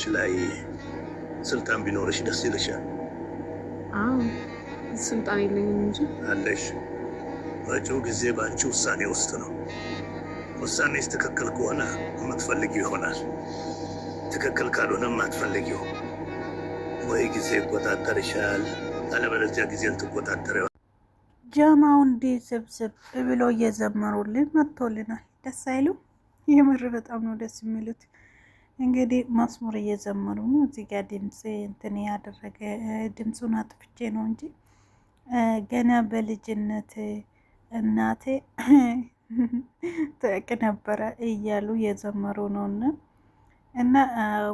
ሽ ላይ ስልጣን ቢኖርሽ ደስ ይልሻል። ስልጣን የለኝም እንጂ አለሽ። መጪው ጊዜ በአንቺ ውሳኔ ውስጥ ነው። ውሳኔሽ ትክክል ከሆነ የምትፈልጊው ይሆናል። ትክክል ካልሆነም የማትፈልጊው ወይ ጊዜ ይቆጣጠርሻል፣ አለበለዚያ ጊዜን ትቆጣጠር ጃማው ጀማው እንዲህ ስብስብ ብሎ እየዘመሩልን መጥቶልናል። ደስ አይሉ? የምር በጣም ነው ደስ የሚሉት። እንግዲህ መስሙር እየዘመሩ ነው። እዚህ ጋር ድምፅ እንትን ያደረገ ድምፁን አጥፍቼ ነው እንጂ ገና በልጅነት እናቴ ትቅ ነበረ እያሉ እየዘመሩ ነው እና እና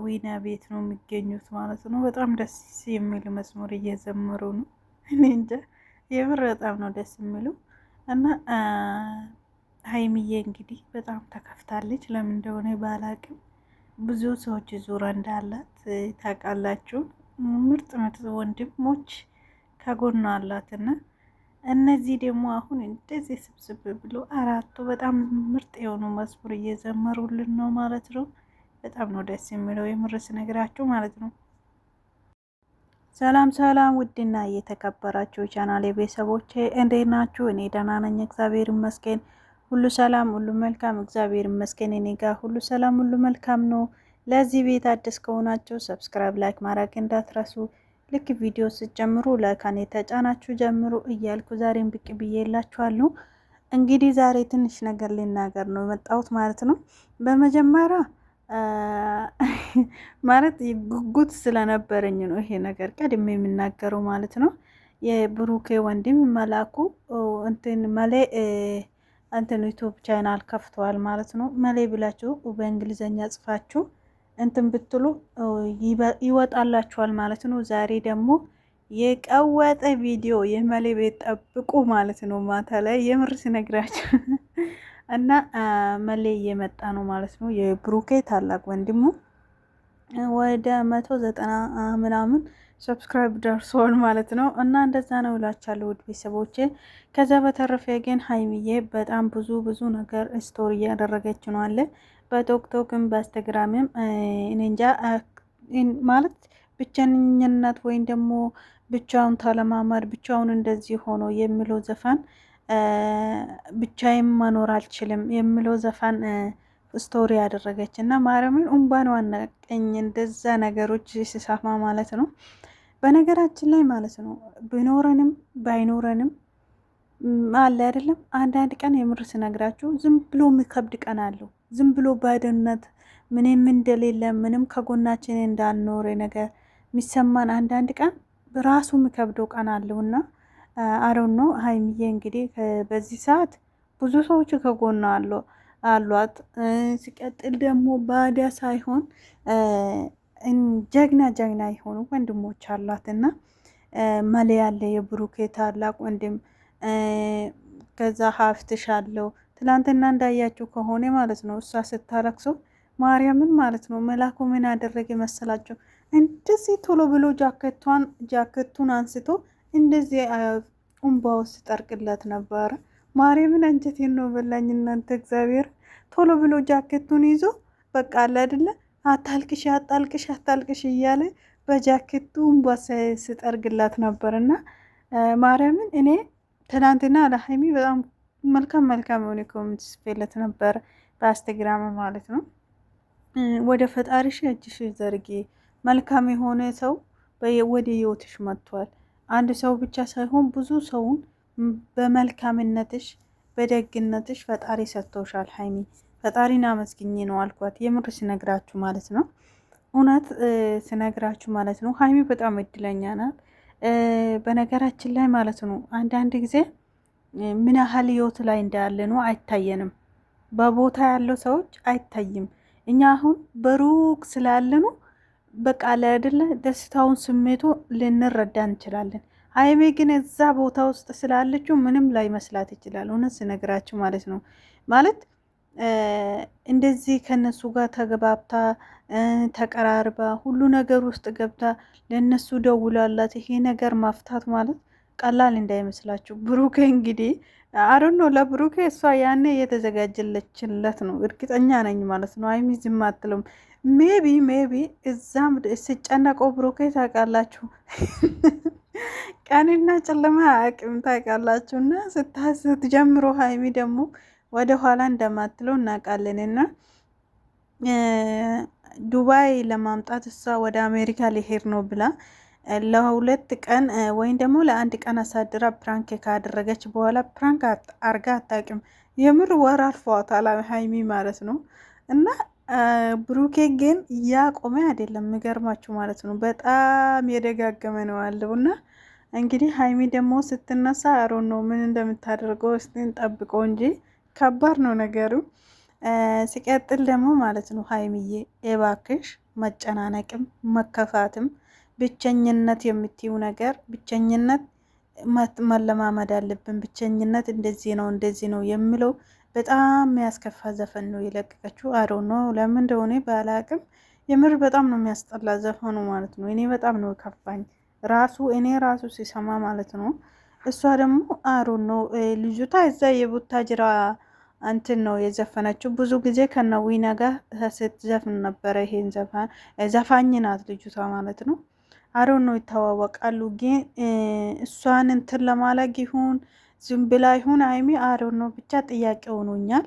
ዊና ቤት ነው የሚገኙት ማለት ነው። በጣም ደስ የሚል መስሙር እየዘመሩ ነው። እኔ እንጃ የምር በጣም ነው ደስ የሚሉ እና ሀይሚዬ እንግዲህ በጣም ተከፍታለች። ለምን እንደሆነ ባላቅም ብዙ ሰዎች ዙራ እንዳላት ታውቃላችሁ። ምርጥ ምርጥ ወንድሞች ከጎኗ አላትና እነዚህ ደግሞ አሁን እንደዚህ ስብስብ ብሎ አራቱ በጣም ምርጥ የሆኑ መዝሙር እየዘመሩልን ነው ማለት ነው። በጣም ነው ደስ የሚለው የምርስ ነገራችሁ ማለት ነው። ሰላም ሰላም፣ ውድና እየተከበራችሁ ቻናል የቤተሰቦቼ እንዴት ናችሁ? እኔ ደህና ነኝ፣ እግዚአብሔር ይመስገን። ሁሉ ሰላም፣ ሁሉ መልካም፣ እግዚአብሔር ይመስገን። እኔ ጋር ሁሉ ሰላም፣ ሁሉ መልካም ነው። ለዚህ ቤት አዲስ ከሆናችሁ ሰብስክራይብ፣ ላይክ ማድረግ እንዳትረሱ። ልክ ቪዲዮ ስትጀምሩ ላይካን የተጫናችሁ ጀምሩ እያልኩ ዛሬን ብቅ ብዬላችኋለሁ። እንግዲህ ዛሬ ትንሽ ነገር ልናገር ነው የመጣሁት ማለት ነው። በመጀመሪያ ማለት ጉጉት ስለነበረኝ ነው ይሄ ነገር ቀድሜ የምናገረው ማለት ነው። የብሩኬ ወንድም መላኩ እንትን መሌ እንትን ዩቱብ ቻይናል ከፍተዋል ማለት ነው። መሌ ብላችሁ በእንግሊዘኛ ጽፋችሁ እንትን ብትሉ ይወጣላችኋል ማለት ነው። ዛሬ ደግሞ የቀወጠ ቪዲዮ የመሌ ቤት ጠብቁ ማለት ነው። ማታ ላይ የምር ሲነግራችሁ እና መሌ እየመጣ ነው ማለት ነው። የብሩኬ ታላቅ ወንድሙ ወደ መቶ ዘጠና ምናምን ሰብስክራይብ ደርሷል ማለት ነው። እና እንደዛ ነው እላችኋለሁ ውድ ቤተሰቦቼ። ከዛ በተረፈ ግን ሀይሚዬ በጣም ብዙ ብዙ ነገር ስቶሪ እያደረገች ነው አለ በቶክቶክም በኢንስታግራምም እንጃ ማለት ብቸኝነት ወይም ደግሞ ብቻውን ተለማማድ ብቻውን እንደዚህ ሆኖ የሚለው ዘፈን ብቻዬን መኖር አልችልም የሚለው ዘፈን ስቶሪ ያደረገች እና ማርያምን እምባን ዋናቀኝ እንደዛ ነገሮች ሲሰማ ማለት ነው። በነገራችን ላይ ማለት ነው ቢኖረንም ባይኖረንም አለ አይደለም። አንዳንድ ቀን የምር ስነግራችሁ ዝም ብሎ የሚከብድ ቀን አለው። ዝም ብሎ ባዶነት ምንም እንደሌለ ምንም ከጎናችን እንዳልኖረ ነገር የሚሰማን አንዳንድ ቀን ራሱ የሚከብደው ቀን አለው እና አረው ነው ሀይሚዬ እንግዲህ በዚህ ሰዓት ብዙ ሰዎች ከጎና አሉ። አሏት። ሲቀጥል ደግሞ ባዳ ሳይሆን ጀግና ጀግና የሆኑ ወንድሞች አሏት እና መሌ ያለ የብሩኬ ታላቅ ወንድም ከዛ ሀፍትሽ አለው ትላንትና እንዳያችሁ ከሆነ ማለት ነው እሷ ስታለቅሰው ማርያምን ማለት ነው መላኩ ምን አደረገ መሰላቸው? እንደዚህ ቶሎ ብሎ ጃኬቱን አንስቶ እንደዚህ እንባ ውስጥ ጠርቅለት ነበረ። ማርያምን አንጀቴን ነው በላኝ። እናንተ እግዚአብሔር ቶሎ ብሎ ጃኬቱን ይዞ በቃ አለ አይደለ አታልቅሽ፣ አታልቅሽ፣ አታልቅሽ እያለ በጃኬቱ እንቧሳ ስጠርግላት ነበር እና ማርያምን እኔ ትናንትና ለሀይሚ በጣም መልካም መልካም የሆነ ኮሚኒቲ ስፔለት ነበር በኢንስታግራም ማለት ነው። ወደ ፈጣሪሽ እጅሽ ዘርጌ መልካም የሆነ ሰው ወደ ህይወትሽ መጥቷል። አንድ ሰው ብቻ ሳይሆን ብዙ ሰውን በመልካምነትሽ በደግነትሽ ፈጣሪ ሰጥቶሻል ሀይሚ፣ ፈጣሪን አመስግኝ ነው አልኳት። የምር ስነግራችሁ ማለት ነው፣ እውነት ስነግራችሁ ማለት ነው። ሀይሚ በጣም እድለኛ ናት። በነገራችን ላይ ማለት ነው አንዳንድ ጊዜ ምን ያህል ህይወት ላይ እንዳለ ነው አይታየንም። በቦታ ያለው ሰዎች አይታይም። እኛ አሁን በሩቅ ስላለ ነው በቃ ላይ አይደለ ደስታውን ስሜቱ ልንረዳ እንችላለን። ሀይሜ ግን እዛ ቦታ ውስጥ ስላለችው ምንም ላይ መስላት ይችላል። እውነት ስነግራችሁ ማለት ነው ማለት እንደዚህ ከነሱ ጋር ተገባብታ ተቀራርባ ሁሉ ነገር ውስጥ ገብታ ለነሱ ደውላላት ይሄ ነገር ማፍታት ማለት ቀላል እንዳይመስላችሁ። ብሩኬ እንግዲህ አሮኖ ለብሩኬ እሷ ያኔ የተዘጋጀለችለት ነው እርግጠኛ ነኝ ማለት ነው። ሀይሚ ዝም ሜቢ ሜቢ እዛም ስጨነቀው ብሩኬ ታውቃላችሁ ቀንና ጨለማ አቅም ታውቃላችሁ። እና ስታስት ጀምሮ ሀይሚ ደግሞ ወደ ኋላ እንደማትለው እናውቃለን። እና ዱባይ ለማምጣት እሷ ወደ አሜሪካ ሊሄድ ነው ብላ ለሁለት ቀን ወይም ደግሞ ለአንድ ቀን አሳድራ ፕራንክ ካደረገች በኋላ ፕራንክ አርጋ አታውቅም። የምር ወር አልፏታል ሀይሚ ማለት ነው። እና ብሩኬ ግን እያቆመ አይደለም፣ የሚገርማችሁ ማለት ነው። በጣም የደጋገመ ነው ያለው እና እንግዲህ ሀይሚ ደግሞ ስትነሳ አሮን ነው ምን እንደምታደርገው እስቲን ጠብቆ እንጂ ከባድ ነው ነገሩ። ሲቀጥል ደግሞ ማለት ነው ሀይሚዬ እባክሽ መጨናነቅም መከፋትም ብቸኝነት የምትይው ነገር ብቸኝነት መለማመድ አለብን። ብቸኝነት እንደዚህ ነው እንደዚህ ነው የሚለው በጣም የሚያስከፋ ዘፈን ነው የለቀቀችው። አሮን ነው ለምን እንደሆነ ባላቅም፣ የምር በጣም ነው የሚያስጠላ ዘፈኑ ማለት ነው። እኔ በጣም ነው ከፋኝ። ራሱ እኔ ራሱ ሲሰማ ማለት ነው። እሷ ደግሞ አሮን ነው ልጅቷ እዛ የቡታጅራ እንትን ነው የዘፈነችው። ብዙ ጊዜ ከነዊና ጋር ስትዘፍን ነበረ። ይሄን ዘፋን ዘፋኝ ናት ልጅቷ ማለት ነው። አሮ ነው ይታዋወቃሉ። ግን እሷን እንትን ለማለግ ይሁን ዝም ብላ ይሁን አይሚ አሮ ነው ብቻ ጥያቄ ሆኖኛል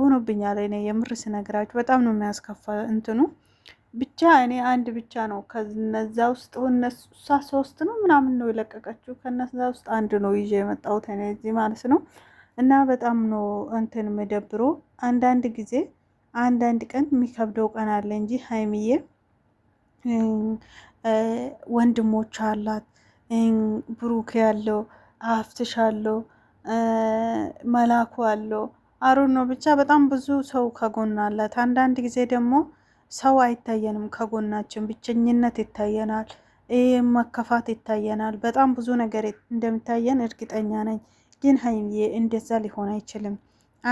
ሆኖብኛል። እኔ የምር ስነግራችሁ በጣም ነው የሚያስከፋ እንትኑ ብቻ እኔ አንድ ብቻ ነው ከነዛ ውስጥ እነሷ ሶስት ነው ምናምን ነው የለቀቀችው። ከነዛ ውስጥ አንድ ነው ይዤ የመጣሁት እኔ እዚህ ማለት ነው። እና በጣም ነው እንትን ምደብሮ አንዳንድ ጊዜ አንዳንድ ቀን የሚከብደው ቀን አለ እንጂ ሀይሚዬ ወንድሞች አላት፣ ብሩክ ያለው አፍትሽ አለው፣ መላኩ አለው፣ አሩን ነው ብቻ በጣም ብዙ ሰው ከጎን አላት። አንዳንድ ጊዜ ደግሞ ሰው አይታየንም፣ ከጎናችን ብቸኝነት ይታየናል፣ መከፋት ይታየናል። በጣም ብዙ ነገር እንደሚታየን እርግጠኛ ነኝ። ግን ሀይሚዬ እንደዛ ሊሆን አይችልም።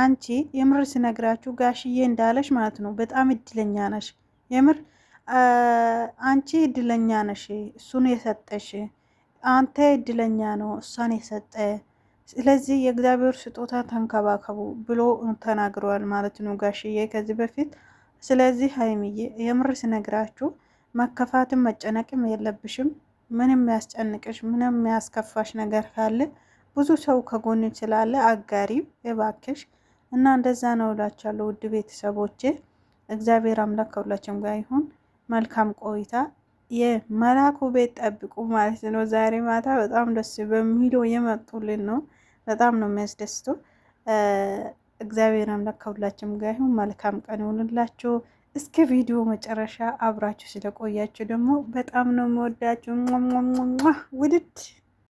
አንቺ የምር ስነግራችሁ ጋሽዬ እንዳለሽ ማለት ነው በጣም እድለኛ ነሽ። የምር አንቺ እድለኛ ነሽ። እሱን የሰጠሽ አንተ እድለኛ ነው እሷን የሰጠ ስለዚህ የእግዚአብሔር ስጦታ ተንከባከቡ ብሎ ተናግረዋል ማለት ነው ጋሽዬ ከዚህ በፊት ስለዚህ ሀይሚዬ የምር ስነግራችሁ መከፋትም መጨነቅም የለብሽም። ምንም ያስጨንቅሽ ምንም ያስከፋሽ ነገር ካለ ብዙ ሰው ከጎን ስላለ አጋሪ እባክሽ እና እንደዛ ነው እላችኋለሁ። ውድ ቤተሰቦቼ እግዚአብሔር አምላክ ከሁላችን ጋር ይሁን። መልካም ቆይታ። የመላኩ ቤት ጠብቁ ማለት ነው። ዛሬ ማታ በጣም ደስ በሚለው የመጡልን ነው። በጣም ነው የሚያስደስተው። እግዚአብሔር አምላክ ከሁላችሁም ጋር ይሁን። መልካም ቀን ይሁንላችሁ። እስከ ቪዲዮ መጨረሻ አብራችሁ ስለቆያችሁ ደግሞ በጣም ነው የምወዳችሁ። ሟ ውድድ